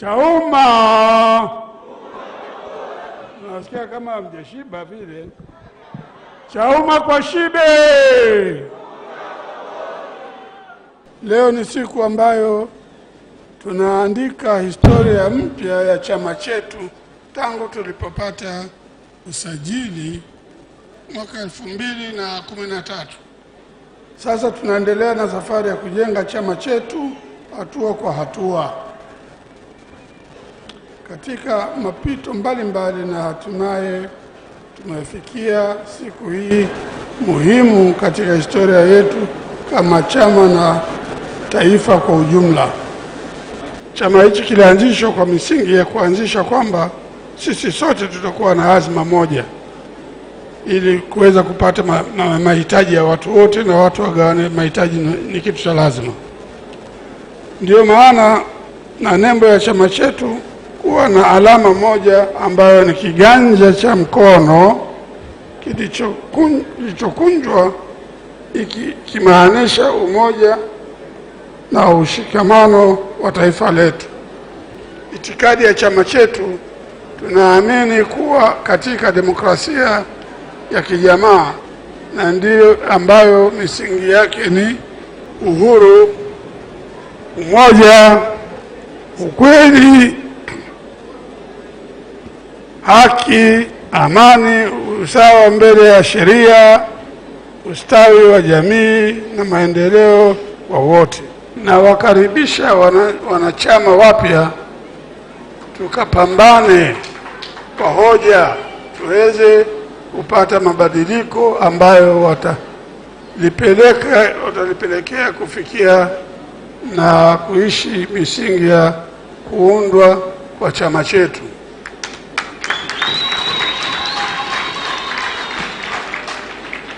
Chauma, nasikia kama hamjashiba vile. Chauma kwa shibe. Leo ni siku ambayo tunaandika historia mpya ya chama chetu tangu tulipopata usajili mwaka elfu mbili na kumi na tatu. Sasa tunaendelea na safari ya kujenga chama chetu hatua kwa hatua katika mapito mbalimbali mbali, na hatimaye tumefikia siku hii muhimu katika historia yetu kama chama na taifa kwa ujumla. Chama hichi kilianzishwa kwa misingi ya kuanzisha kwamba sisi sote tutakuwa na azma moja ili kuweza kupata ma, ma, mahitaji ya watu wote na watu wagawane mahitaji ni kitu cha lazima. Ndiyo maana na nembo ya chama chetu kuwa na alama moja ambayo ni kiganja cha mkono kilichokunjwa ikimaanisha umoja na ushikamano wa taifa letu. Itikadi ya chama chetu, tunaamini kuwa katika demokrasia ya kijamaa na ndiyo ambayo misingi yake ni uhuru, umoja, ukweli haki, amani, usawa mbele ya sheria, ustawi wa jamii na maendeleo wa wote. Nawakaribisha wanachama wapya, tukapambane kwa hoja tuweze kupata mabadiliko ambayo watalipeleka watalipelekea kufikia na kuishi misingi ya kuundwa kwa chama chetu.